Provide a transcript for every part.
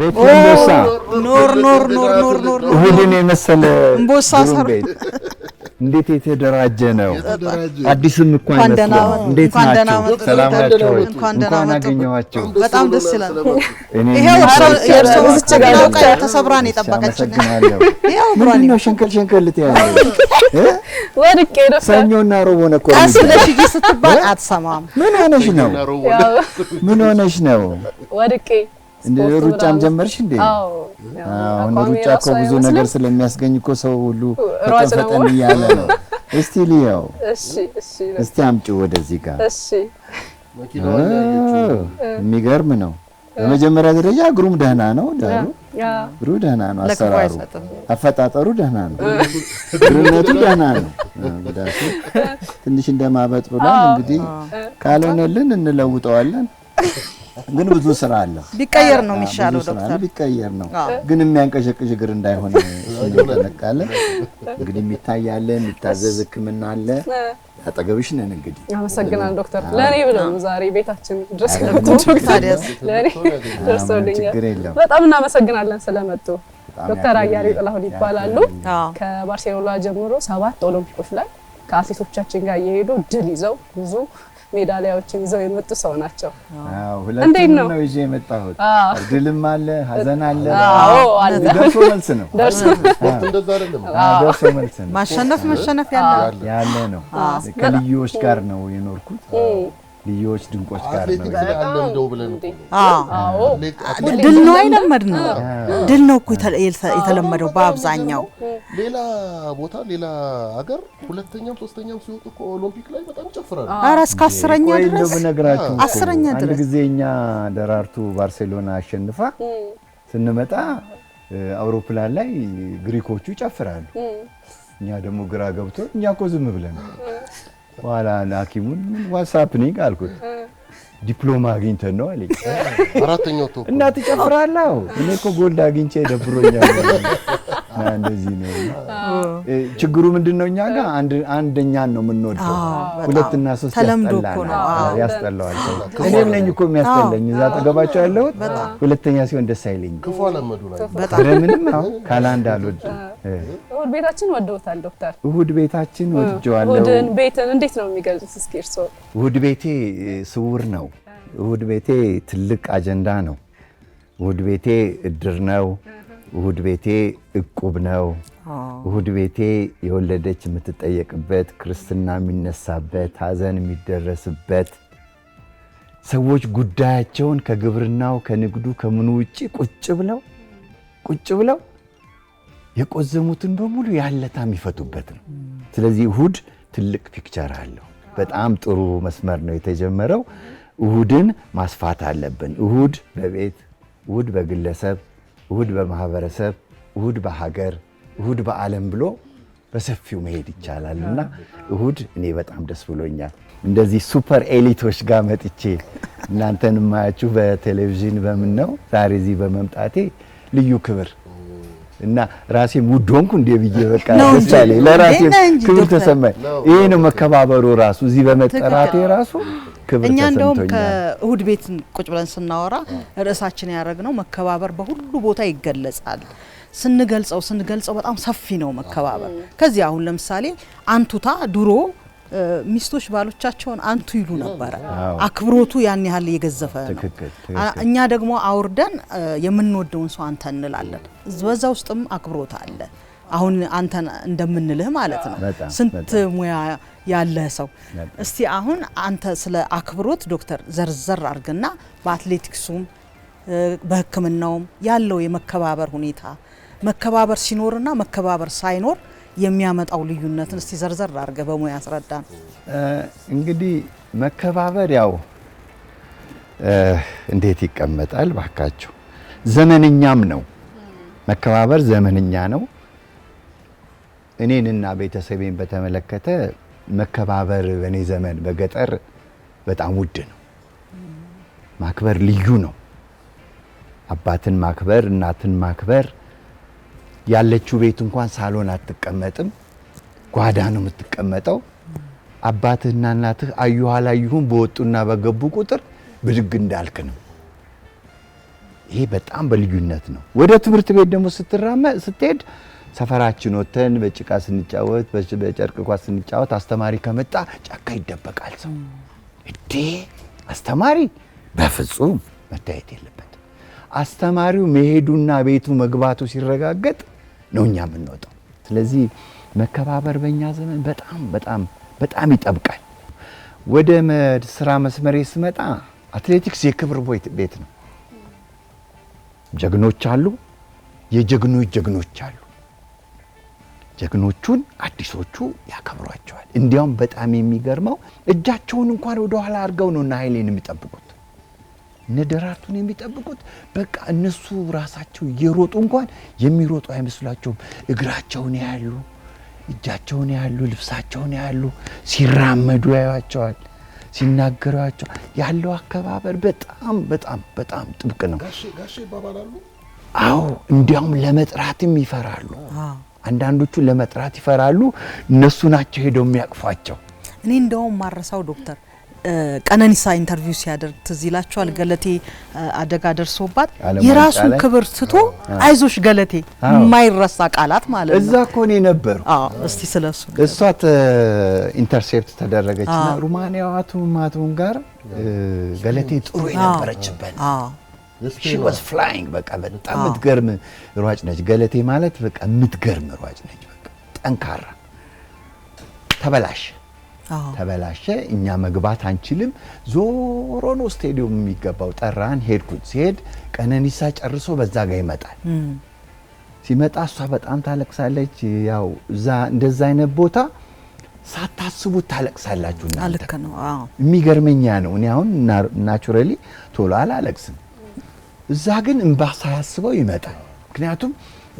ቤት እምቦሳ ኖር ኖር ኖር ኖር ኖር እሑድን የመሰለ እምቦሳ ሰር እንዴት የተደራጀ ነው! አዲስም እኮ አይመስልም። እንዴት ናቸው? ሰላም ናቸው? እንኳን አገኘኋቸው። በጣም ደስ ይላል። ይሄው የእርሶ ምስጭግናው ቀ ተሰብራን የጠበቀችን ምንድን ነው ሽንከል ሽንከል ልትያለሽ? ወድቄ ነው ሰኞና ሮብ ሆነ እኮ ቀስለሽ ሂጂ ስትባል አትሰማም። ምን ሆነሽ ነው? ምን ሆነሽ ነው? ወድቄ እንደ ሩጫም ጀመርሽ እንዴ? አሁን ሩጫ እኮ ብዙ ነገር ስለሚያስገኝ እኮ ሰው ሁሉ ፈጠን እያለ ነው። እስቲ ሊያው። እሺ፣ እሺ፣ እስቲ አምጪው ወደዚህ ጋር። እሺ፣ የሚገርም ነው። በመጀመሪያ ደረጃ እግሩም ደህና ነው። ዳሩ እግሩ ደህና ነው። አሰራሩ አፈጣጠሩ ደህና ነው። እግርነቱ ደህና ነው። ጉዳቱ ትንሽ እንደማበጥ ብሏል። እንግዲህ ካልሆነልን እንለውጠዋለን። ግን ብዙ ስራ አለ። ቢቀየር ነው የሚሻለው ዶክተር፣ ቢቀየር ነው ግን የሚያንቀሸቅሽ እግር እንዳይሆን እንጠነቀቃለን። እንግዲህ የሚታያለ የሚታዘዝ ህክምና አለ። አጠገብሽ ነን። እንግዲህ አመሰግናለሁ ዶክተር። ለእኔ ብለው ዛሬ ቤታችን ድረስ ችግር የለም። በጣም እናመሰግናለን ስለመጡ። ዶክተር አያሌው ጥላሁን ይባላሉ። ከባርሴሎና ጀምሮ ሰባት ኦሎምፒኮች ላይ ከአትሌቶቻችን ጋር እየሄዱ ድል ይዘው ብዙ ሜዳሊያዎችን ይዘው የመጡ ሰው ናቸው። እንዴት ነው ይዤ የመጣሁት። ድልም አለ፣ ሀዘን አለ። ደርሶ መልስ ነው። ደርሶ መልስ ነው። ማሸነፍ መሸነፍ ያለ ነው። ከልዩዎች ጋር ነው የኖርኩት ልዮች ድንቆች ጋር ነው። ድል ነው አይለመድ ነው ድል ነው እኮ የተለመደው በአብዛኛው ሌላ ቦታ ሌላ ሀገር ሁለተኛም ሶስተኛም ሲወጡ እኮ ኦሎምፒክ ላይ በጣም ይጨፍራሉ። ኧረ እስከ አስረኛ ድረስ ብነግራችሁ አስረኛ ድረስ አንድ ጊዜ እኛ ደራርቱ ባርሴሎና አሸንፋ ስንመጣ አውሮፕላን ላይ ግሪኮቹ ይጨፍራሉ። እኛ ደግሞ ግራ ገብቶ እኛ እኮ ዝም ብለን ኋላ ሐኪሙን ዋትሳፕ ኒ አልኩት። ዲፕሎማ አግኝተን ነው አለኝ። አራተኛው እና ትጨፍራለህ? እኔ እኮ ጎልድ አግኝቼ ደብሮኛል። እንደዚህ ነው። ችግሩ ምንድን ነው? እኛ ጋር አንደኛን ነው የምንወደው፣ ሁለትና ሶስት ያስጠላዋል። እኔም ነኝ እኮ የሚያስጠላኝ እዛ አጠገባቸው ያለሁት ሁለተኛ ሲሆን ደስ አይለኝ። ምንም ካላንድ አልወድም። እሑድ ቤታችን ወደውታል ዶክተር። እሑድ ቤታችን ወድጀዋለሁ። እሑድን ቤትን እንዴት ነው የሚገልጹት? እስኪ እርስዎ። እሑድ ቤቴ ስውር ነው። እሑድ ቤቴ ትልቅ አጀንዳ ነው። እሑድ ቤቴ እድር ነው። እሁድ ቤቴ እቁብ ነው። እሁድ ቤቴ የወለደች የምትጠየቅበት፣ ክርስትና የሚነሳበት፣ ሀዘን የሚደረስበት፣ ሰዎች ጉዳያቸውን ከግብርናው ከንግዱ ከምኑ ውጭ ቁጭ ብለው ቁጭ ብለው የቆዘሙትን በሙሉ ያለታ የሚፈቱበት ነው። ስለዚህ እሁድ ትልቅ ፒክቸር አለው። በጣም ጥሩ መስመር ነው የተጀመረው። እሁድን ማስፋት አለብን። እሁድ በቤት እሁድ በግለሰብ እሁድ በማህበረሰብ፣ እሁድ በሀገር፣ እሁድ በዓለም ብሎ በሰፊው መሄድ ይቻላል እና እሁድ እኔ በጣም ደስ ብሎኛል። እንደዚህ ሱፐር ኤሊቶች ጋር መጥቼ እናንተን የማያችሁ በቴሌቪዥን በምን ነው ዛሬ እዚህ በመምጣቴ ልዩ ክብር እና ራሴ ሙድ ሆንኩ እንደ ብዬ በቃ ለምሳሌ አለኝ። ለራሴ ክብር ተሰማኝ። ይሄ ነው መከባበሩ ራሱ እዚህ በመጠራቴ ራሱ ክብር እኛ እንደውም ከእሁድ ቤት ቁጭ ብለን ስናወራ ርዕሳችን ያደረግ ነው መከባበር በሁሉ ቦታ ይገለጻል። ስንገልጸው ስንገልጸው በጣም ሰፊ ነው መከባበር። ከዚህ አሁን ለምሳሌ አንቱታ ድሮ ሚስቶች ባሎቻቸውን አንቱ ይሉ ነበረ። አክብሮቱ ያን ያህል የገዘፈ ነው። እኛ ደግሞ አውርደን የምንወደውን ሰው አንተ እንላለን። በዛ ውስጥም አክብሮት አለ። አሁን አንተ እንደምንልህ ማለት ነው። ስንት ሙያ ያለህ ሰው። እስቲ አሁን አንተ ስለ አክብሮት ዶክተር ዘርዘር አድርግና በአትሌቲክሱም በሕክምናውም ያለው የመከባበር ሁኔታ መከባበር ሲኖርና መከባበር ሳይኖር የሚያመጣው ልዩነትን እስቲ ዘርዘር አድርገህ በሙያ ያስረዳን። እንግዲህ መከባበር ያው እንዴት ይቀመጣል ባካቸው፣ ዘመንኛም ነው መከባበር፣ ዘመንኛ ነው። እኔንና ቤተሰቤን በተመለከተ መከባበር በእኔ ዘመን በገጠር በጣም ውድ ነው። ማክበር ልዩ ነው። አባትን ማክበር፣ እናትን ማክበር ያለችው ቤት እንኳን ሳሎን አትቀመጥም፣ ጓዳ ነው የምትቀመጠው። አባትህና እናትህ አዩኋ ላዩሁን በወጡና በገቡ ቁጥር ብድግ እንዳልክ ነው። ይሄ በጣም በልዩነት ነው። ወደ ትምህርት ቤት ደግሞ ስትራመ ስትሄድ ሰፈራችን ወተን በጭቃ ስንጫወት፣ በጨርቅ ኳስ ስንጫወት አስተማሪ ከመጣ ጫካ ይደበቃል ሰው። እዴ አስተማሪ በፍጹም መታየት የለበትም። አስተማሪው መሄዱና ቤቱ መግባቱ ሲረጋገጥ ነው እኛ የምንወጣው። ስለዚህ መከባበር በእኛ ዘመን በጣም በጣም በጣም ይጠብቃል። ወደ ስራ መስመሬ ስመጣ አትሌቲክስ የክብር ቤት ነው። ጀግኖች አሉ፣ የጀግኖች ጀግኖች አሉ። ጀግኖቹን አዲሶቹ ያከብሯቸዋል። እንዲያውም በጣም የሚገርመው እጃቸውን እንኳን ወደኋላ አድርገው ነው እና ኃይሌን የሚጠብቁት ንድራቱን የሚጠብቁት በቃ እነሱ ራሳቸው እየሮጡ እንኳን የሚሮጡ አይመስላቸውም እግራቸውን ያሉ፣ እጃቸውን ያሉ፣ ልብሳቸውን ያሉ ሲራመዱ ያዩዋቸዋል፣ ሲናገሩ ያለው አከባበር በጣም በጣም በጣም ጥብቅ ነው። አዎ እንዲያውም ለመጥራትም ይፈራሉ። አንዳንዶቹ ለመጥራት ይፈራሉ። እነሱ ናቸው ሄደው የሚያቅፏቸው። እኔ እንደውም ማረሳው ዶክተር ቀነኒሳ ኢንተርቪው ሲያደርግ ትዝ ገለቴ አደጋ ደርሶባት የራሱን ክብር ስቶ አይዞሽ ገለቴ የማይረሳ ቃላት ማለት ነው። እዛ እኮ እኔ ነበርኩ። እስቲ ስለሱ እሷ ኢንተርሴፕት ተደረገችና ሩማንያዋ ማቱን ጋር ገለቴ ጥሩ የነበረችበት ሽወስ ፍላይንግ በቃ በጣም የምትገርም ሯጭ ነች። ገለቴ ማለት በቃ የምትገርም ሯጭ ነች። በቃ ጠንካራ ተበላሽ ተበላሸ። እኛ መግባት አንችልም። ዞሮ ነው ስቴዲየም የሚገባው። ጠራን፣ ሄድኩት። ሲሄድ ቀነኒሳ ጨርሶ በዛ ጋር ይመጣል። ሲመጣ እሷ በጣም ታለቅሳለች። ያው እዛ እንደዛ አይነት ቦታ ሳታስቡት ታለቅሳላችሁ። እናንተ የሚገርመኛ ነው። እኔ አሁን ናቹራሊ ቶሎ አላለቅስም። እዛ ግን እንባ ሳያስበው ይመጣል። ምክንያቱም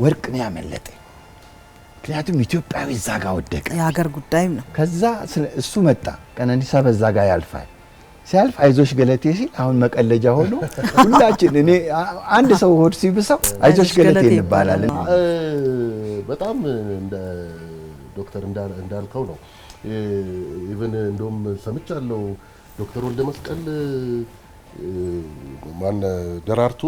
ወርቅ ነው ያመለጠ ምክንያቱም ኢትዮጵያዊ እዛ ጋ ወደቀ፣ የሀገር ጉዳይም ነው። ከዛ እሱ መጣ፣ ቀነኒሳ በዛ ጋ ያልፋል። ሲያልፍ አይዞሽ ገለቴ ሲል አሁን መቀለጃ ሆኖ ሁላችን እኔ አንድ ሰው ሆድ ሲብሰው አይዞሽ ገለቴ እንባላለን። በጣም እንደ ዶክተር እንዳልከው ነው። ኢቨን እንደውም ሰምቻለሁ ዶክተር ወልደ መስቀል ማን ደራርቱ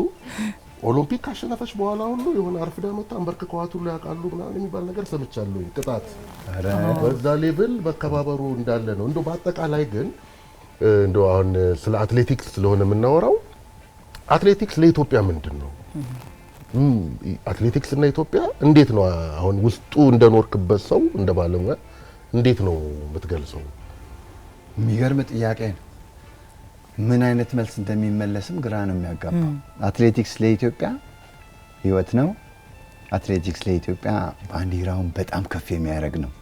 ኦሎምፒክ ካሸነፈች በኋላ ሁሉ የሆነ አርፍዳ አንበርክ አንበርክከዋት ሁሉ ያውቃሉ ምናምን የሚባል ነገር ሰምቻለሁ። ቅጣት በዛ ሌቭል መከባበሩ እንዳለ ነው። እንደው በአጠቃላይ ግን እንደው አሁን ስለ አትሌቲክስ ስለሆነ የምናወራው አትሌቲክስ ለኢትዮጵያ ምንድን ነው? አትሌቲክስ እና ኢትዮጵያ እንዴት ነው አሁን ውስጡ እንደኖርክበት ሰው እንደ ባለሙያ እንዴት ነው የምትገልጸው? የሚገርም ጥያቄ ነው። ምን አይነት መልስ እንደሚመለስም ግራ ነው የሚያጋባው። አትሌቲክስ ለኢትዮጵያ ህይወት ነው። አትሌቲክስ ለኢትዮጵያ ባንዲራውን በጣም ከፍ የሚያደርግ ነው።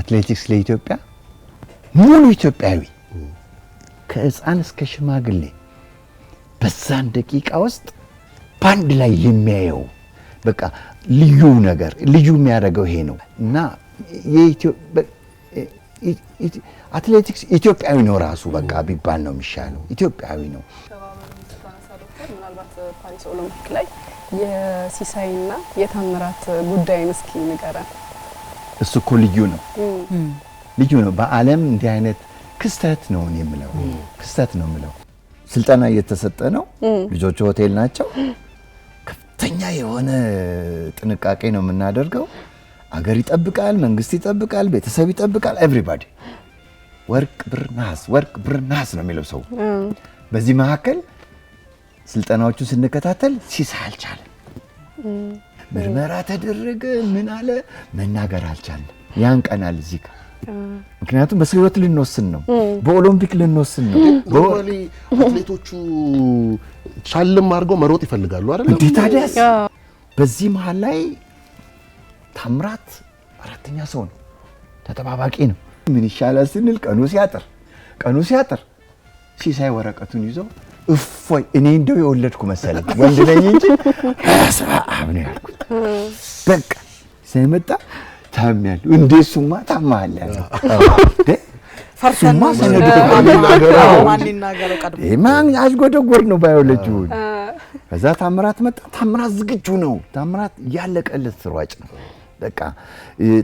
አትሌቲክስ ለኢትዮጵያ ሙሉ ኢትዮጵያዊ ከህፃን እስከ ሽማግሌ በዛን ደቂቃ ውስጥ በአንድ ላይ የሚያየው በቃ ልዩ ነገር ልዩ የሚያደርገው ይሄ ነው እና አትሌቲክስ ኢትዮጵያዊ ነው ራሱ በቃ ቢባል ነው የሚሻለው። ኢትዮጵያዊ ነው። ምናልባት ፓሪስ ኦሎምፒክ ላይ የሲሳይና የታምራት ጉዳይን እስኪ ንገረን። እሱ እኮ ልዩ ነው፣ ልዩ ነው። በዓለም እንዲህ አይነት ክስተት ነው የምለው፣ ክስተት ነው የምለው። ስልጠና እየተሰጠ ነው። ልጆቹ ሆቴል ናቸው። ከፍተኛ የሆነ ጥንቃቄ ነው የምናደርገው። አገር ይጠብቃል፣ መንግስት ይጠብቃል፣ ቤተሰብ ይጠብቃል። ኤቭሪባዲ ወርቅ ብር ነሐስ፣ ወርቅ ብር ነሐስ ነው የሚለው ሰው። በዚህ መካከል ስልጠናዎቹን ስንከታተል ሲሳይ አልቻለም። ምርመራ ተደረገ፣ ምን አለ መናገር አልቻለም። ያን ቀናል እዚህ ጋር ምክንያቱም በስህወት ልንወስን ነው፣ በኦሎምፒክ ልንወስን ነው። አትሌቶቹ ቻልም አድርገው መሮጥ ይፈልጋሉ አይደለም እንዴ? ታዲያስ በዚህ መሀል ላይ ታምራት አራተኛ ሰው ነው፣ ተጠባባቂ ነው። ምን ይሻላል ስንል ቀኑ ሲያጥር ቀኑ ሲያጥር ሲሳይ ወረቀቱን ይዞ እፎይ እኔ እንደው የወለድኩ መሰለኝ ወንድ ነኝ እንጂ ስራ አብ ነው ያልኩት። በቃ ሲሳይ ታሚያለሁ እንዴ? እሱማ ታማሃል ያለው ፈርሰማ አስጎደጎድ ነው ባዮሎጂውን። ከዛ ታምራት መጣ። ታምራት ዝግጁ ነው። ታምራት ያለቀለት ነው። በቃ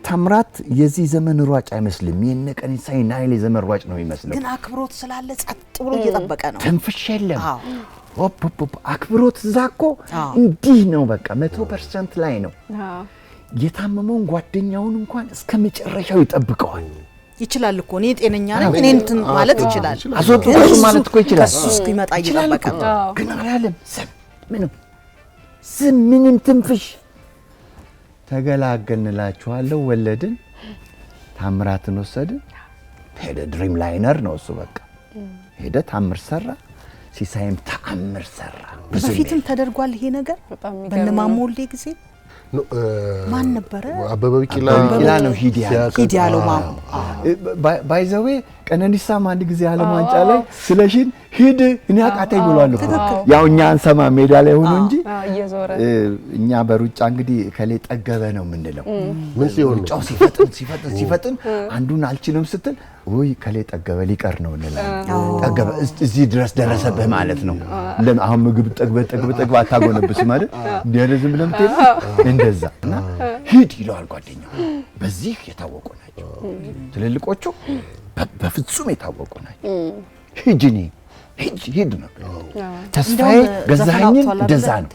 ታምራት የዚህ ዘመን ሯጭ አይመስልም። የእነ ቀኒሳ ናይል የዘመን ሯጭ ነው የሚመስለው። ግን አክብሮት ስላለ ጸጥ ብሎ እየጠበቀ ነው። ትንፍሽ የለም። ኦፕ አክብሮት እዛ እኮ እንዲህ ነው። በቃ መቶ ፐርሰንት ላይ ነው። የታመመውን ጓደኛውን እንኳን እስከ መጨረሻው ይጠብቀዋል። ይችላል እኮ እኔ ጤነኛ ነኝ እኔ እንትን ማለት ይችላል። አስወጡ ማለት እኮ ይችላል። ከሱ እስኪመጣ እየጠበቀ ግን አላለም። ዝም ምንም ዝም ምንም ትንፍሽ ተገላገልንላችኋለሁ። ወለድን፣ ታምራትን ወሰድን። ሄደ ድሪም ላይነር ነው እሱ። በቃ ሄደ ታምር ሰራ፣ ሲሳይም ተአምር ሰራ። በፊትም ተደርጓል ይሄ ነገር በነማሞሌ ጊዜ ማን ነበረ? አበበ ቢቂላ ነው ሂድ ያለው ማሞ ባይዘዌ። ቀነኒሳም አንድ ጊዜ ዓለም ዋንጫ ላይ ስለሽን ሂድ እኔ አቃተኝ ብሏል። ያው እኛ አንሰማ ሜዳ ላይ ሆኖ እንጂ እኛ በሩጫ እንግዲህ ከሌ ጠገበ ነው የምንለው። ምን ሲሆን ሩጫው ሲፈጥን ሲፈጥን ሲፈጥን አንዱን አልችልም ስትል ውይ ከሌ ጠገበ ሊቀር ነው እንላለን። ጠገበ እዚህ ድረስ ደረሰብህ ማለት ነው። አሁን ምግብ ጠግበ ጠግበ ጠግበ አታጎነብስ ማለት እንዲያለ ዝም ብለህ የምትሄድ እንደዛ እና ሂድ ይለዋል ጓደኛው። በዚህ የታወቁ ናቸው ትልልቆቹ፣ በፍጹም የታወቁ ናቸው። ሂጅኔ ሂድ ሂድ ነበር። ተስፋዬ ገዛኸኝን እንደዛ ነው።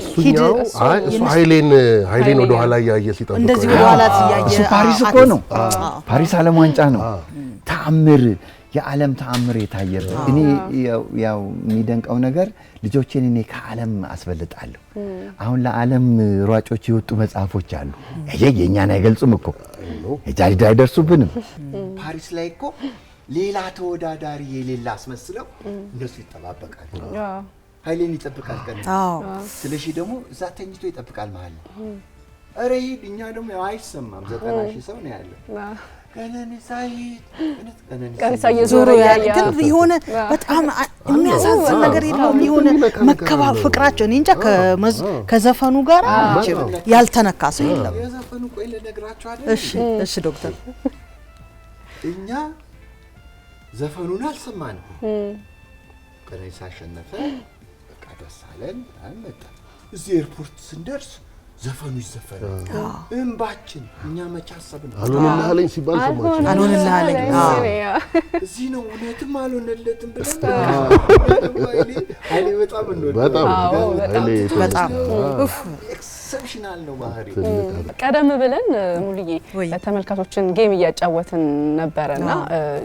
እሱኛው ወደ ኋላ እያየ ሲጠብቀው ፓሪስ እኮ ነው። ፓሪስ ዓለም ዋንጫ ነው። ተአምር የዓለም ተአምር የታየበት። እኔ ያው የሚደንቀው ነገር ልጆቼን እኔ ከዓለም አስበልጣለሁ። አሁን ለዓለም ሯጮች የወጡ መጽሐፎች አሉ። እየ የእኛን አይገልጹም እኮ እጃ አይደርሱብንም ፓሪስ ላይ እኮ ሌላ ተወዳዳሪ የሌላ አስመስለው እነሱ ይጠባበቃል። ኃይሌን ይጠብቃል። ቀን ስለሺ ደግሞ እዛ ተኝቶ ይጠብቃል። መሀል ኧረ ሂድ። እኛ ደግሞ አይሰማም። ዘጠና ሺህ ሰው ነው ያለው። ግን የሆነ በጣም የሚያሳዝን ነገር የለውም። የሆነ ፍቅራቸው እኔ እንጃ ከዘፈኑ ጋር ያልተነካ ሰው የለም። እሺ ዶክተር እኛ ዘፈኑን አልሰማንም። ቀነኒሳ አሸነፈ በቃ ደስ አለን መጣ። እዚህ ኤርፖርት ስንደርስ ዘፈኑ ይዘፈናል። እምባችን እኛ መቼ አሰብነው? አልሆንልሃለኝ ሲባል ሰማችን። አልሆንልሃለኝ እዚህ ነው እውነትም አልሆነለትም ብለን በጣም እንወዳለን። ኤክሰፕሽናል ነው ባህሪው። ቀደም ብለን ሙሉዬ ተመልካቾችን ጌም እያጫወትን ነበረና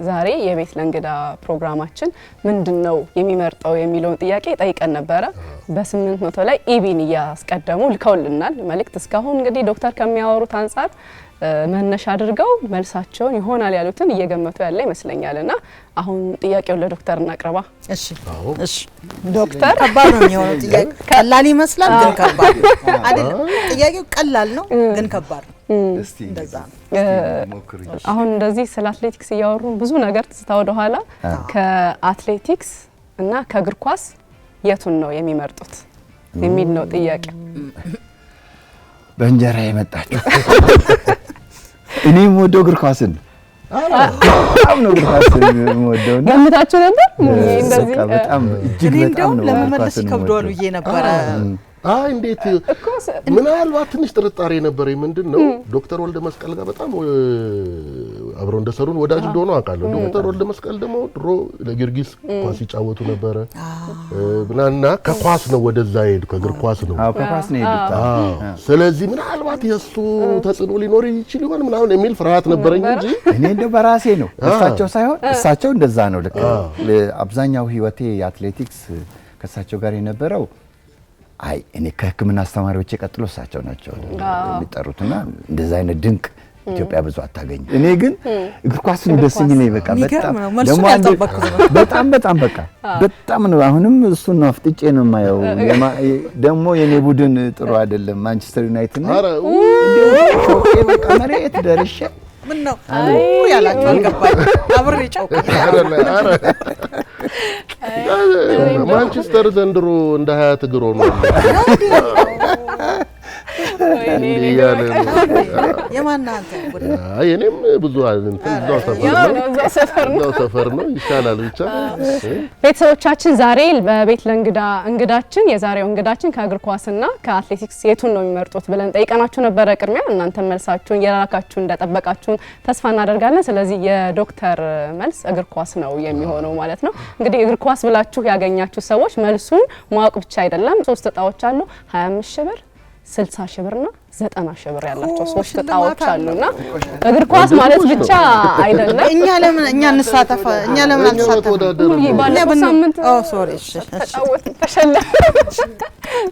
ዛሬ የቤት ለእንግዳ ፕሮግራማችን ምንድን ነው የሚመርጠው የሚለውን ጥያቄ ጠይቀን ነበረ። በስምንት መቶ ላይ ኢቢን እያስቀደሙ ልከውልናል መልእክት። እስካሁን እንግዲህ ዶክተር ከሚያወሩት አንጻር መነሻ አድርገው መልሳቸውን ይሆናል ያሉትን እየገመቱ ያለ ይመስለኛል። እና አሁን ጥያቄውን ለዶክተር እናቅርባ። እሺ እሺ፣ ዶክተር ከባድ ነው የሚሆነው ጥያቄ። ቀላል ይመስላል ግን ከባድ አይደለም። ጥያቄው ቀላል ነው ግን ከባድ ነው። አሁን እንደዚህ ስለ አትሌቲክስ እያወሩ ብዙ ነገር ትስታ ወደ ኋላ ከአትሌቲክስ እና ከእግር ኳስ የቱን ነው የሚመርጡት የሚል ነው ጥያቄ በእንጀራ የመጣችሁ እኔም ወደው እግር ኳስን ገምታችሁ ነበር። ለመመለስ ብዬ ነበረ። እንዴት ምናልባት ትንሽ ጥርጣሬ ነበር። ምንድን ነው ዶክተር ወልደ መስቀል ጋር በጣም አብረው እንደሰሩን ወዳጅ እንደሆኑ አውቃለሁ። ዶክተር ወልደ መስቀል ደግሞ ድሮ ለጊዮርጊስ ኳስ ይጫወቱ ነበረ እና ከኳስ ነው ወደዛ ሄዱ። ከእግር ኳስ ነው ከኳስ ነው ሄዱት። ስለዚህ ምናልባት የእሱ ተጽዕኖ ሊኖር ይችል ይሆን ምናምን የሚል ፍርሃት ነበረኝ እንጂ እኔ እንደ በራሴ ነው እሳቸው ሳይሆን እሳቸው እንደዛ ነው። ልክ አብዛኛው ህይወቴ የአትሌቲክስ ከእሳቸው ጋር የነበረው አይ እኔ ከህክምና አስተማሪዎች ቀጥሎ እሳቸው ናቸው የሚጠሩትና እንደዛ አይነት ድንቅ ኢትዮጵያ ብዙ አታገኝ። እኔ ግን እግር ኳስን ደስ ይለኝ። በቃ በጣም በጣም በጣም በቃ በጣም ነው። አሁንም እሱን ነው አፍጥጬ ነው የማየው። ደግሞ የኔ ቡድን ጥሩ አይደለም ማንቸስተር ዩናይትድ ነው። በቃ መሬት ደርሼ ምን ነው ያላችሁ አልገባኝ። አብሬ ጨውቅ ማንቸስተር ዘንድሮ እንደ ሀያት እግሮ ነው የእኔም ብዙ ሰፈር ነው ይሻላል። ብቻ ቤተሰቦቻችን ዛሬ በቤት ለእንግዳ እንግዳችን የዛሬው እንግዳችን ከእግር ኳስና ከአትሌቲክስ የቱን ነው የሚመርጡት ብለን ጠይቀናችሁ ነበረ። ቅድሚያ እናንተ መልሳችሁን የላካችሁን እንደጠበቃችሁን ተስፋ እናደርጋለን። ስለዚህ የዶክተር መልስ እግር ኳስ ነው የሚሆነው ማለት ነው። እንግዲህ እግር ኳስ ብላችሁ ያገኛችሁ ሰዎች መልሱን ማወቅ ብቻ አይደለም። ሶስት እጣዎች አሉ። 25 ሺህ ብር ስልሳ ሺህ ብርና ዘጠና ሺህ ብር ያላቸው ሶስት እጣዎች አሉና እግር ኳስ ማለት ብቻ አይደለም። እኛ ለምን እኛ እኛ ለምን ባለፈው ሳምንት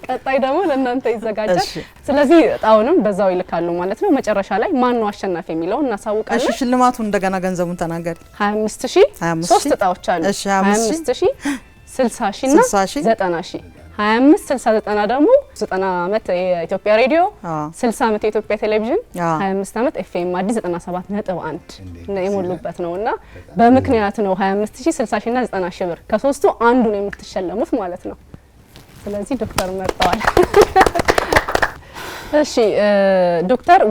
ቀጣይ ደግሞ ለእናንተ ይዘጋጃል። ስለዚህ እጣውንም በዛው ይልካሉ ማለት ነው። መጨረሻ ላይ ማን ነው አሸናፊ የሚለው እናሳውቃለን። እሺ እንደገና ገንዘቡን ተናገሪ። 25000 ሶስት እጣዎች አሉ 25000 60 እና 90 25 60 90 ደግሞ 90 ዓመት የኢትዮጵያ ሬዲዮ፣ 60 ዓመት የኢትዮጵያ ቴሌቪዥን፣ 25 ዓመት ኤፍኤም አዲስ 97 ነጥብ 1 የሞሉበት ነው እና በምክንያት ነው 25 ሺ 60 ሺህ እና 90 ሺህ ብር ከሶስቱ አንዱ አንዱን የምትሸለሙት ማለት ነው። ስለዚህ ዶክተር መርጠዋል። እሺ ዶክተር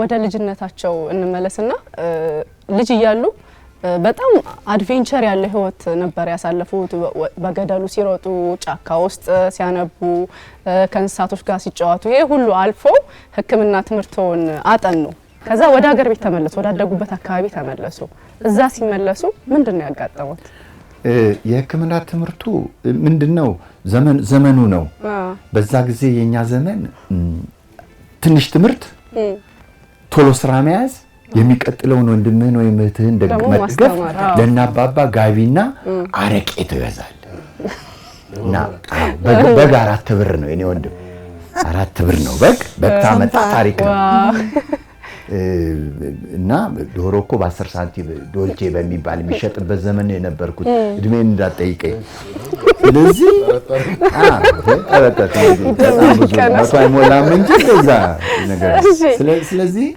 ወደ ልጅነታቸው እንመለስና ልጅ እያሉ በጣም አድቬንቸር ያለ ህይወት ነበር ያሳለፉት። በገደሉ ሲሮጡ፣ ጫካ ውስጥ ሲያነቡ፣ ከእንስሳቶች ጋር ሲጫወቱ፣ ይሄ ሁሉ አልፎ ህክምና ትምህርቶን አጠኑ። ከዛ ወደ ሀገር ቤት ተመለሱ፣ ወዳደጉበት አካባቢ ተመለሱ። እዛ ሲመለሱ ምንድን ነው ያጋጠሙት? የህክምና ትምህርቱ ምንድን ነው? ዘመኑ ነው። በዛ ጊዜ የእኛ ዘመን ትንሽ ትምህርት ቶሎ ስራ መያዝ የሚቀጥለውን ወንድምህን ወይም እህትህን መደገፍ ለእናባባ ጋቢና አረቄ ትገዛለህ እና በግ አራት ብር ነው የኔ ወንድም አራት ብር ነው በግ በግ ታመጣ ታሪክ ነው እና ዶሮ እኮ በአስር ሳንቲም ዶልቼ በሚባል የሚሸጥበት ዘመን የነበርኩት እድሜን እንዳጠይቀኝ። ስለዚህ ጠበጠ በጣም ብዙ አይሞላም እንጂ እዛ ነገር ስለዚህ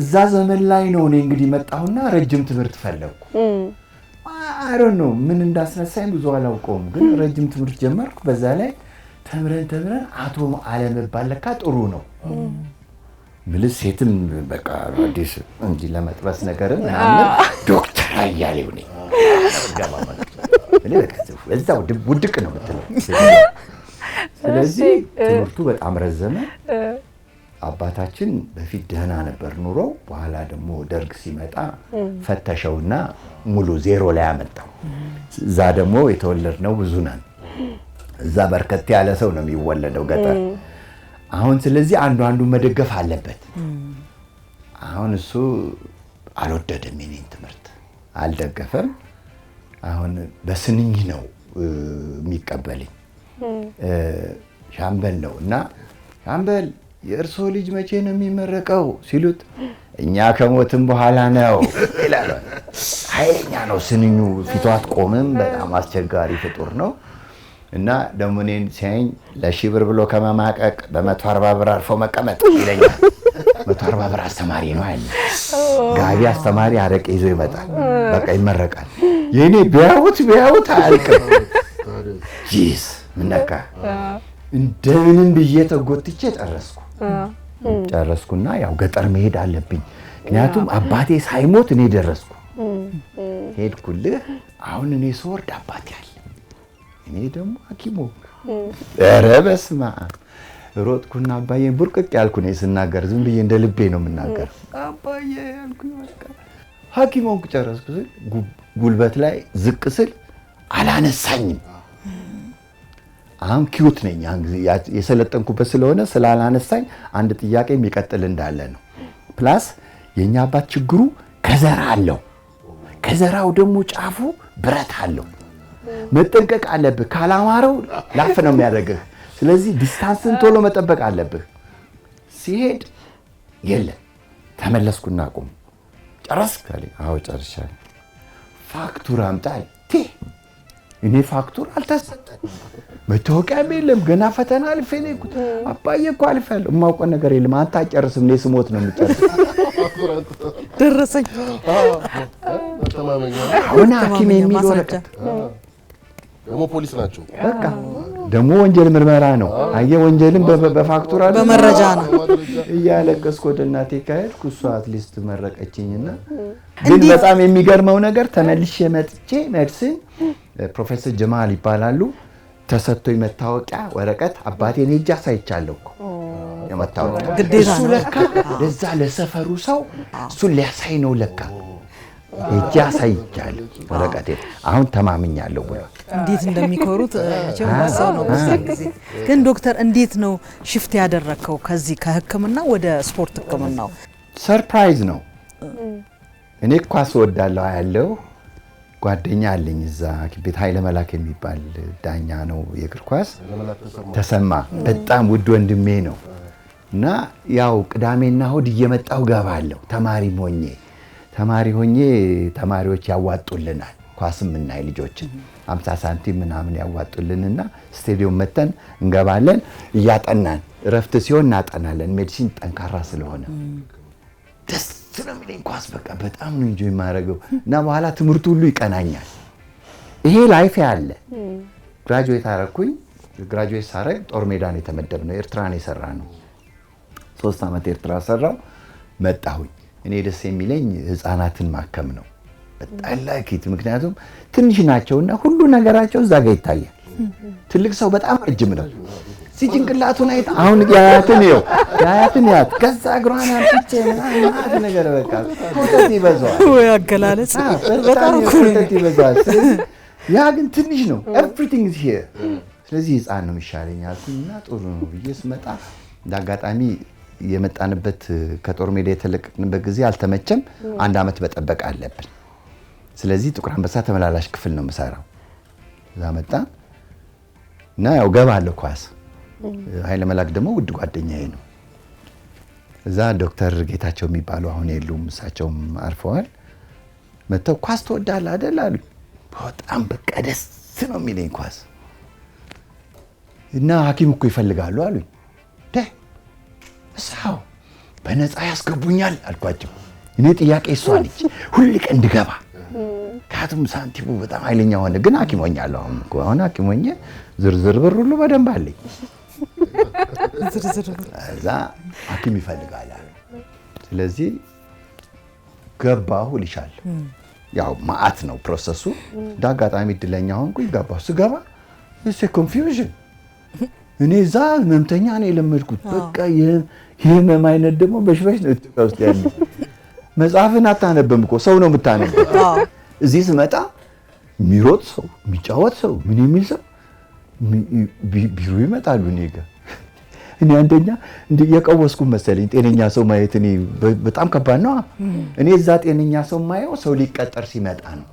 እዛ ዘመን ላይ ነው እኔ እንግዲህ መጣሁና ረጅም ትምህርት ፈለግኩ። አረ ነው ምን እንዳስነሳኝ ብዙ አላውቀውም፣ ግን ረጅም ትምህርት ጀመርኩ። በዛ ላይ ተምረን ተምረን አቶ አለመባል ለካ ጥሩ ነው ምል ሴትም በቃ አዲስ እንጂ ለመጥበስ ነገርን ዶክተር አያሌው ነኝ እዛው ውድቅ ነው ምትለው። ስለዚህ ትምህርቱ በጣም ረዘመ። አባታችን በፊት ደህና ነበር ኑሮ። በኋላ ደግሞ ደርግ ሲመጣ ፈተሸውና ሙሉ ዜሮ ላይ አመጣው። እዛ ደግሞ የተወለድነው ብዙ ነን። እዛ በርከት ያለ ሰው ነው የሚወለደው ገጠር። አሁን ስለዚህ አንዱ አንዱ መደገፍ አለበት። አሁን እሱ አልወደደም የኔን ትምህርት አልደገፈም። አሁን በስንኝ ነው የሚቀበልኝ። ሻምበል ነው እና ሻምበል የእርሶ ልጅ መቼ ነው የሚመረቀው ሲሉት እኛ ከሞትም በኋላ ነው ይላል። ኃይለኛ ነው ስንኙ፣ ፊቱ አትቆምም። በጣም አስቸጋሪ ፍጡር ነው እና ደግሞ እኔን ሲያኝ ለሺህ ብር ብሎ ከመማቀቅ በመቶ አርባ ብር አርፎ መቀመጥ ይለኛል። መቶ አርባ ብር አስተማሪ ነው አለ። ጋቢ አስተማሪ አረቄ ይዞ ይመጣል። በቃ ይመረቃል። የእኔ ቢያዩት ቢያዩት አያልቅም። ጂስ ምነካ እንደምንም ብዬ ተጎትቼ ጨረስኩ። ጨረስኩና ያው ገጠር መሄድ አለብኝ። ምክንያቱም አባቴ ሳይሞት እኔ ደረስኩ። ሄድኩልህ አሁን እኔ ስወርድ አባቴ አለ፣ እኔ ደግሞ ሐኪሞ ኧረ በስመ አብ ሮጥኩና አባዬ ቡርቅቅ ያልኩ ነው ስናገር፣ ዝም ብዬ እንደ ልቤ ነው የምናገር። አባዬ ያልኩ ሐኪሞን ጨረስኩ ስል ጉልበት ላይ ዝቅ ስል አላነሳኝም። አሁን ኪዩት ነኝ ያን ጊዜ የሰለጠንኩበት ስለሆነ ስላላነሳኝ አንድ ጥያቄ የሚቀጥል እንዳለ ነው። ፕላስ የእኛ አባት ችግሩ ከዘራ አለው። ከዘራው ደግሞ ጫፉ ብረት አለው። መጠንቀቅ አለብህ። ካላማረው ላፍ ነው የሚያደርግህ። ስለዚህ ዲስታንስን ቶሎ መጠበቅ አለብህ። ሲሄድ የለም ተመለስኩና ቁም ጨረስክ አዎ ጨርሻለሁ። ፋክቱር አምጣ እኔ ፋክቱር አልተሰጠን መታወቂያም የለም። ገና ፈተና አልፌ እኔ እኮ አባዬ እኮ አልፌያለሁ። የማውቀን ነገር የለም። አንተ አጨርስም፣ እኔ ስሞት ነው የምጨርስ። ደረሰኝ ሆነ ሐኪም የሚል ወረቀት ደግሞ ፖሊስ ናቸው። በቃ ደግሞ ወንጀል ምርመራ ነው። አየህ ወንጀልን በፋክቱራ በመረጃ ነው። እያለቀስኩ ወደ እናቴ ካሄድኩ እሷ አትሊስት መረቀችኝና፣ ግን በጣም የሚገርመው ነገር ተመልሼ መጥቼ መድስን ፕሮፌሰር ጀማል ይባላሉ። ተሰጥቶኝ መታወቂያ ወረቀት አባቴን ሄጄ አሳይቻለሁ እኮ እሱ ለካ ለዛ ለሰፈሩ ሰው እሱን ሊያሳይ ነው ለካ እጅ አሳይቻለሁ ወረቀቴን አሁን ተማምኛለሁ ብሏል። እንዴት እንደሚኮሩት ነው። ግን ዶክተር እንዴት ነው ሽፍት ያደረግከው ከዚህ ከህክምና ወደ ስፖርት ህክምናው? ሰርፕራይዝ ነው። እኔ ኳስ ወዳለሁ ያለው ጓደኛ አለኝ እዛ ቤት ኃይለ መላክ የሚባል ዳኛ ነው የእግር ኳስ ተሰማ በጣም ውድ ወንድሜ ነው እና ያው ቅዳሜና እየመጣው ገባ ገባለሁ። ተማሪም ሆኜ ተማሪ ሆኜ ተማሪዎች ያዋጡልናል ኳስ የምናይ ልጆችን አምሳ ሳንቲም ምናምን ያዋጡልንና ስቴዲዮም መተን እንገባለን። እያጠናን እረፍት ሲሆን እናጠናለን። ሜዲሲን ጠንካራ ስለሆነ ደስ ስለሚለኝ ኳስ በቃ በጣም ነው እንጂ የማደርገው እና በኋላ ትምህርቱ ሁሉ ይቀናኛል። ይሄ ላይፍ ያለ ግራጁዌት አረኩኝ። ግራጁዌት ሳረግ ጦር ሜዳ ነው የተመደብ ነው ኤርትራን የሰራ ነው። ሶስት ዓመት ኤርትራ ሰራው መጣሁኝ። እኔ ደስ የሚለኝ ህፃናትን ማከም ነው በጣላኪት ምክንያቱም ትንሽ ናቸውና ሁሉ ነገራቸው እዛ ጋር ይታያል። ትልቅ ሰው በጣም ረጅም ነው። ሲጭንቅላቱን አይታ አሁን ያያትን ይኸው ያያትን ያት ከዛ እግሯን አምጥቼ ምናምን ነገር በቃ ኮተት ይበዛዋል ወይ አገላለጽ በጣም ኮተት ይበዛዋል። ስለዚህ ያ ግን ትንሽ ነው ኤቭሪቲንግ ዚ ስለዚህ ህፃን ነው የሚሻለኝ አልኩኝ እና ጥሩ ነው ብዬ ስመጣ እንደ አጋጣሚ የመጣንበት ከጦር ሜዳ የተለቀቅንበት ጊዜ አልተመቸም። አንድ አመት መጠበቅ አለብን። ስለዚህ ጥቁር አንበሳ ተመላላሽ ክፍል ነው የምሰራው። እዛ መጣ እና ያው ገባለሁ ኳስ ኃይለ መላክ ደግሞ ውድ ጓደኛዬ ነው። እዛ ዶክተር ጌታቸው የሚባሉ አሁን የሉም፣ እሳቸውም አርፈዋል። መጥተው ኳስ ትወዳለህ አይደል አሉ። በጣም በቃ ደስ ነው የሚለኝ ኳስ እና ሐኪም እኮ ይፈልጋሉ አሉኝ። እሳው በነፃ ያስገቡኛል አልኳቸው። እኔ ጥያቄ እሷ ልጅ ሁል ቀን እንድገባ ካቱም ሳንቲሙ በጣም ኃይለኛ ሆነ። ግን ሀኪሞኛ አለሁ አሁን አሁን ዝርዝር ብር ሁሉ በደንብ አለኝ። ዝርዝር እዛ ሐኪም ይፈልጋል። ስለዚህ ገባሁ ልሻል ያው ማአት ነው ፕሮሰሱ። እንደ አጋጣሚ እድለኛ ሆንኩኝ። ገባሁ ስገባ ኮንፊውዥን እኔ እዛ ህመምተኛ ነው የለመድኩት። በቃ የህመም አይነት ደግሞ በሽበሽ ነው ኢትዮጵያ ውስጥ ያለ። መጽሐፍን አታነብም እኮ ሰው ነው የምታነበው። እዚህ ስመጣ የሚሮጥ ሰው፣ የሚጫወት ሰው፣ ምን የሚል ሰው ቢሮ ይመጣሉ እኔ ጋ። እኔ አንደኛ የቀወስኩ መሰለኝ ጤነኛ ሰው ማየት እኔ በጣም ከባድ ነው። እኔ እዛ ጤነኛ ሰው ማየው ሰው ሊቀጠር ሲመጣ ነው።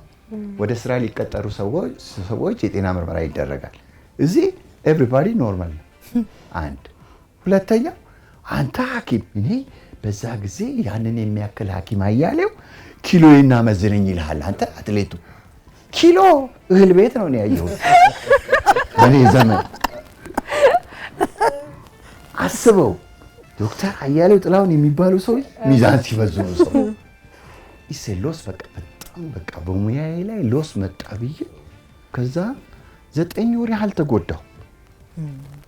ወደ ስራ ሊቀጠሩ ሰዎች የጤና ምርመራ ይደረጋል። እዚህ ኤቭሪባዲ ኖርማል ነው። አንድ ሁለተኛው አንተ ሐኪም እኔ በዛ ጊዜ ያንን የሚያክል ሐኪም አያሌው ኪሎዬን መዝነኝ ይልሃል አንተ አትሌቱ ኪሎ እህል ቤት ነው ያየሁት በኔ ዘመን። አስበው ዶክተር አያሌው ጥላሁን የሚባሉ ሰው ሚዛን ሲበዙ ነው ሰው ይሴ ሎስ በቃ በጣም በቃ በሙያዬ ላይ ሎስ መጣ ብዬ ከዛ ዘጠኝ ወር ያህል ተጎዳሁ።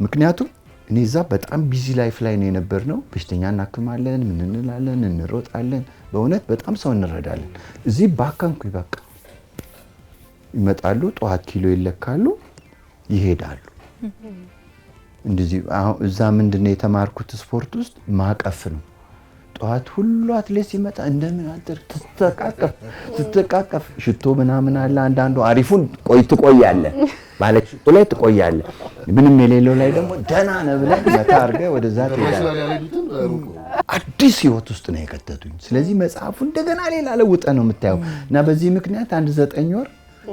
ምክንያቱም እኔ እዛ በጣም ቢዚ ላይፍ ላይ ነው የነበር ነው። በሽተኛ እናክማለን፣ ምን እንላለን፣ እንሮጣለን። በእውነት በጣም ሰው እንረዳለን። እዚህ ባካንኩ በቃ ይመጣሉ፣ ጠዋት ኪሎ ይለካሉ፣ ይሄዳሉ። እንደዚህ እዛ ምንድን ነው የተማርኩት ስፖርት ውስጥ ማቀፍ ነው። ጠዋት ሁሉ አትሌት ሲመጣ እንደምን አደር ትተቃቀፍ ሽቶ ምናምን አለ። አንዳንዱ አሪፉን ቆይ ትቆያለ ባለ ሽቶ ላይ ትቆያለህ። ምንም የሌለው ላይ ደግሞ ደህና ነህ ብለህ መታ አድርገህ ወደዛ ትሄዳለህ። አዲስ ህይወት ውስጥ ነው የከተቱኝ። ስለዚህ መጽሐፉ እንደገና ሌላ ለውጠ ነው የምታየው እና በዚህ ምክንያት አንድ ዘጠኝ ወር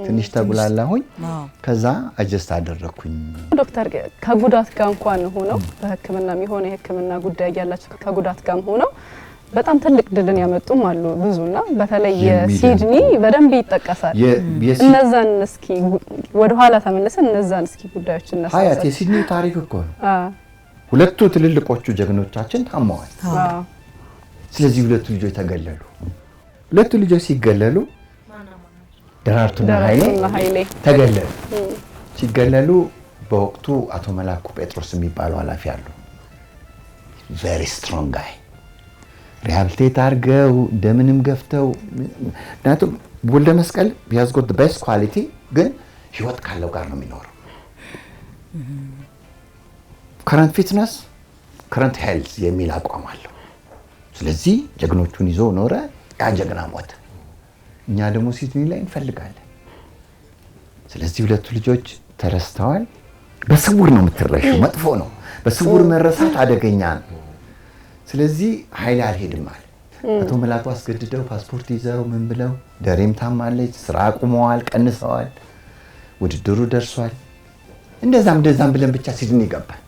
ትንሽ ተጉላላሁኝ። ከዛ አጀስት አደረግኩኝ። ዶክተር ከጉዳት ጋር እንኳን ሆነው በህክምና የሆነ የህክምና ጉዳይ ያላቸው ከጉዳት ጋር ሆነው በጣም ትልቅ ድልን ያመጡም አሉ ብዙና፣ በተለይ የሲድኒ በደንብ ይጠቀሳል። እነዛን እስኪ ወደኋላ ተመልሰን እነዛን እስኪ ጉዳዮች እናሳሳ። የሲድኒ ታሪክ እኮ ነው። ሁለቱ ትልልቆቹ ጀግኖቻችን ታመዋል። ስለዚህ ሁለቱ ልጆች ተገለሉ። ሁለቱ ልጆች ሲገለሉ ደራርቱና ኃይሌ ተገለሉ። ሲገለሉ በወቅቱ አቶ መላኩ ጴጥሮስ የሚባሉ ኃላፊ አሉ። ቨሪ ስትሮንግ ጋይ ሪሃብሊቴት አድርገው እንደምንም ገፍተው፣ ምክንያቱም ወልደ መስቀል ቢያዝጎት ቤስት ኳሊቲ ግን ህይወት ካለው ጋር ነው የሚኖረው። ከረንት ፊትነስ ከረንት ሄልዝ የሚል አቋም አለው። ስለዚህ ጀግኖቹን ይዞ ኖረ። ያ ጀግና ሞተ። እኛ ደግሞ ሲድኒ ላይ እንፈልጋለን። ስለዚህ ሁለቱ ልጆች ተረስተዋል። በስውር ነው የምትረሺው፣ መጥፎ ነው። በስውር መረሳት አደገኛ ነው። ስለዚህ ኃይል አልሄድም አለ አቶ መላኩ። አስገድደው ፓስፖርት ይዘው ምን ብለው ደሬም ታማለች፣ ስራ አቁመዋል፣ ቀንሰዋል፣ ውድድሩ ደርሷል። እንደዛም እንደዛም ብለን ብቻ ሲድኒ ይገባል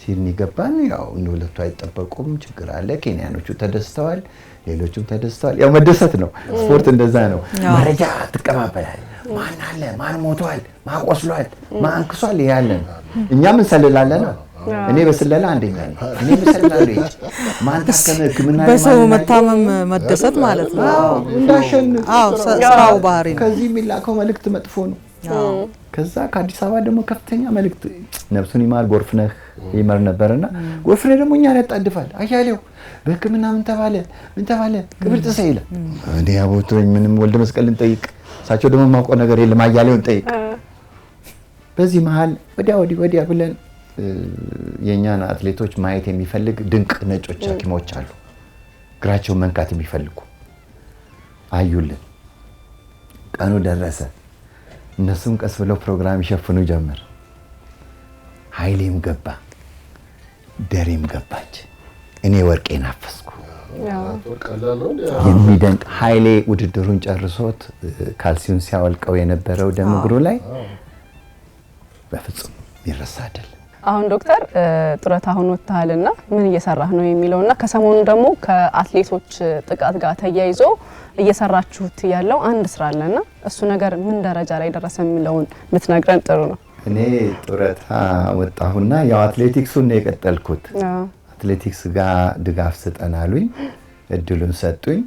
ሲድኒ ገባን። ያው እንደ ሁለቱ አይጠበቁም፣ ችግር አለ። ኬንያኖቹ ተደስተዋል። ሌሎችም ተደስተዋል። ያው መደሰት ነው። ስፖርት እንደዛ ነው። መረጃ ትቀባበላል። ማን አለ፣ ማን ሞቷል፣ ማን ቆስሏል፣ ማን አንክሷል ያለን እኛም እንሰልላለን ነው እኔ በስለላ አንደኛ ነኝ። እኔ በስለላ ነኝ። ማን ታከመ ሕክምና በሰው መታመም መደሰት ማለት ነው። እንዳሸንፍ ስራው ባህሪ ነው። ከዚህ የሚላከው መልእክት መጥፎ ነው። ከዛ ከአዲስ አበባ ደግሞ ከፍተኛ መልእክት ነብሱን ይማር ነህ ይመር ነበርና ነህ ደግሞ እኛን ያጣድፋል። አያሌው በህክምና ምን ተባለ ምን ተባለ ክብር ጥሰ ይለ እኔ አቦቶኝ ምንም ወልደ መስቀል ጠይቅ፣ እሳቸው ደግሞ የማውቀው ነገር የለም አያሌው እንጠይቅ። በዚህ መሀል ወዲያ ወዲህ ወዲያ ብለን የእኛን አትሌቶች ማየት የሚፈልግ ድንቅ ነጮች ሐኪሞች አሉ። እግራቸውን መንካት የሚፈልጉ አዩልን። ቀኑ ደረሰ። እነሱም ቀስ ብለው ፕሮግራም ይሸፍኑ ጀመር። ኃይሌም ገባ፣ ደሬም ገባች። እኔ ወርቄ ናፈስኩ። የሚደንቅ ኃይሌ ውድድሩን ጨርሶት ካልሲውን ሲያወልቀው የነበረው ደም እግሩ ላይ በፍጹም ይረሳ አይደል አሁን ዶክተር ጡረታ አሁን ወጥተሃልና ምን እየሰራህ ነው የሚለውና ከሰሞኑ ደግሞ ከአትሌቶች ጥቃት ጋር ተያይዞ እየሰራችሁት ያለው አንድ ስራ አለና እሱ ነገር ምን ደረጃ ላይ ደረሰ የሚለውን ብትነግረን ጥሩ ነው። እኔ ጡረታ ወጣሁና ያው አትሌቲክሱን ነው የቀጠልኩት። አትሌቲክስ ጋር ድጋፍ ስጠን አሉኝ፣ እድሉን ሰጡኝ።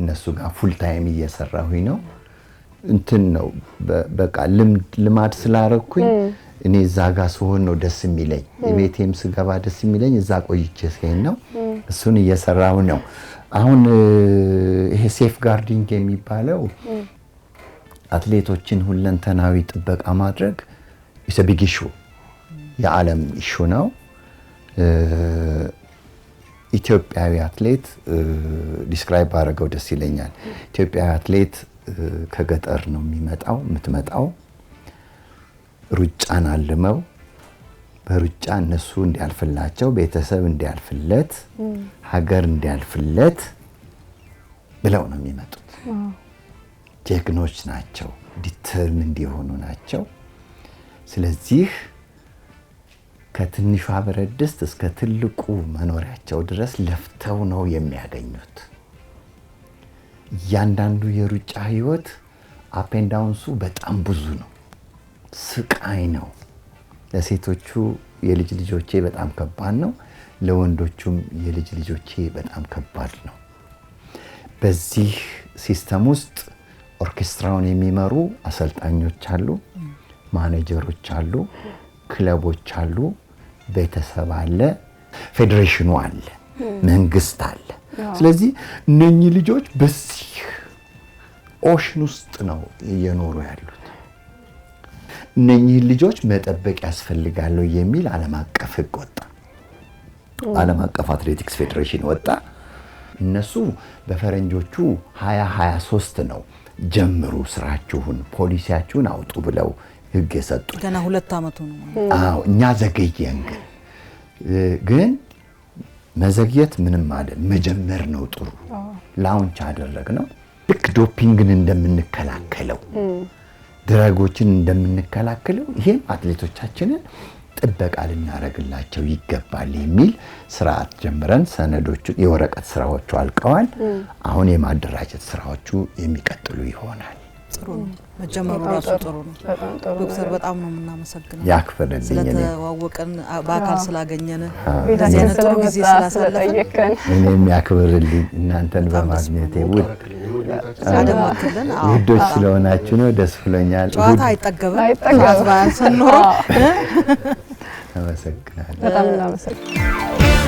እነሱ ጋር ፉል ታይም እየሰራሁኝ ነው። እንትን ነው በቃ ልማድ ስላረኩኝ እኔ እዛ ጋር ስሆን ነው ደስ የሚለኝ። የቤቴም ስገባ ደስ የሚለኝ እዛ ቆይቼ ስሄን ነው። እሱን እየሰራው ነው። አሁን ይሄ ሴፍ ጋርዲንግ የሚባለው አትሌቶችን ሁለንተናዊ ጥበቃ ማድረግ ኢትስ ቢግ ኢሹ የዓለም ኢሹ ነው። ኢትዮጵያዊ አትሌት ዲስክራይብ ባደረገው ደስ ይለኛል። ኢትዮጵያዊ አትሌት ከገጠር ነው የሚመጣው የምትመጣው ሩጫን አልመው በሩጫ እነሱ እንዲያልፍላቸው ቤተሰብ እንዲያልፍለት ሀገር እንዲያልፍለት ብለው ነው የሚመጡት። ጀግኖች ናቸው፣ ዲተርን እንዲሆኑ ናቸው። ስለዚህ ከትንሿ ብረት ድስት እስከ ትልቁ መኖሪያቸው ድረስ ለፍተው ነው የሚያገኙት። እያንዳንዱ የሩጫ ህይወት አፔንዳውንሱ በጣም ብዙ ነው። ስቃይ ነው። ለሴቶቹ የልጅ ልጆቼ በጣም ከባድ ነው። ለወንዶቹም የልጅ ልጆቼ በጣም ከባድ ነው። በዚህ ሲስተም ውስጥ ኦርኬስትራውን የሚመሩ አሰልጣኞች አሉ፣ ማኔጀሮች አሉ፣ ክለቦች አሉ፣ ቤተሰብ አለ፣ ፌዴሬሽኑ አለ፣ መንግስት አለ። ስለዚህ እነኚህ ልጆች በዚህ ኦሽን ውስጥ ነው እየኖሩ ያሉት። እነኚህን ልጆች መጠበቅ ያስፈልጋለሁ የሚል ዓለም አቀፍ ህግ ወጣ። ዓለም አቀፍ አትሌቲክስ ፌዴሬሽን ወጣ። እነሱ በፈረንጆቹ 2023 ነው ጀምሩ ስራችሁን፣ ፖሊሲያችሁን አውጡ ብለው ህግ የሰጡ ገና ሁለት ዓመቱ ነው። እኛ ዘገየን፣ ግን ግን መዘግየት ምንም ማለ መጀመር ነው ጥሩ። ላውንች አደረግ ነው ልክ ዶፒንግን እንደምንከላከለው ድረጎችን እንደምንከላከለው ይህም አትሌቶቻችንን ጥበቃ ልናደርግላቸው ይገባል የሚል ስርዓት ጀምረን ሰነዶቹ የወረቀት ስራዎቹ አልቀዋል። አሁን የማደራጀት ስራዎቹ የሚቀጥሉ ይሆናል። ጥሩ ነው መጀመሩ ራሱ ጥሩ ነው። ዶክተር በጣም ነው የምናመሰግነው ያክፍልን ስለተዋወቀን በአካል ስላገኘን ቤታችን ጥሩ ጊዜ ስላሳለፍን እኔም ያክብርልኝ እናንተን በማግኘቴ ውድ አደማክልን ውዶች ስለሆናችሁ ነው ደስ ብሎኛል። ጨዋታ አይጠገብም አይጠገብም ባያንሰን ኖሮ አመሰግናለሁ በጣም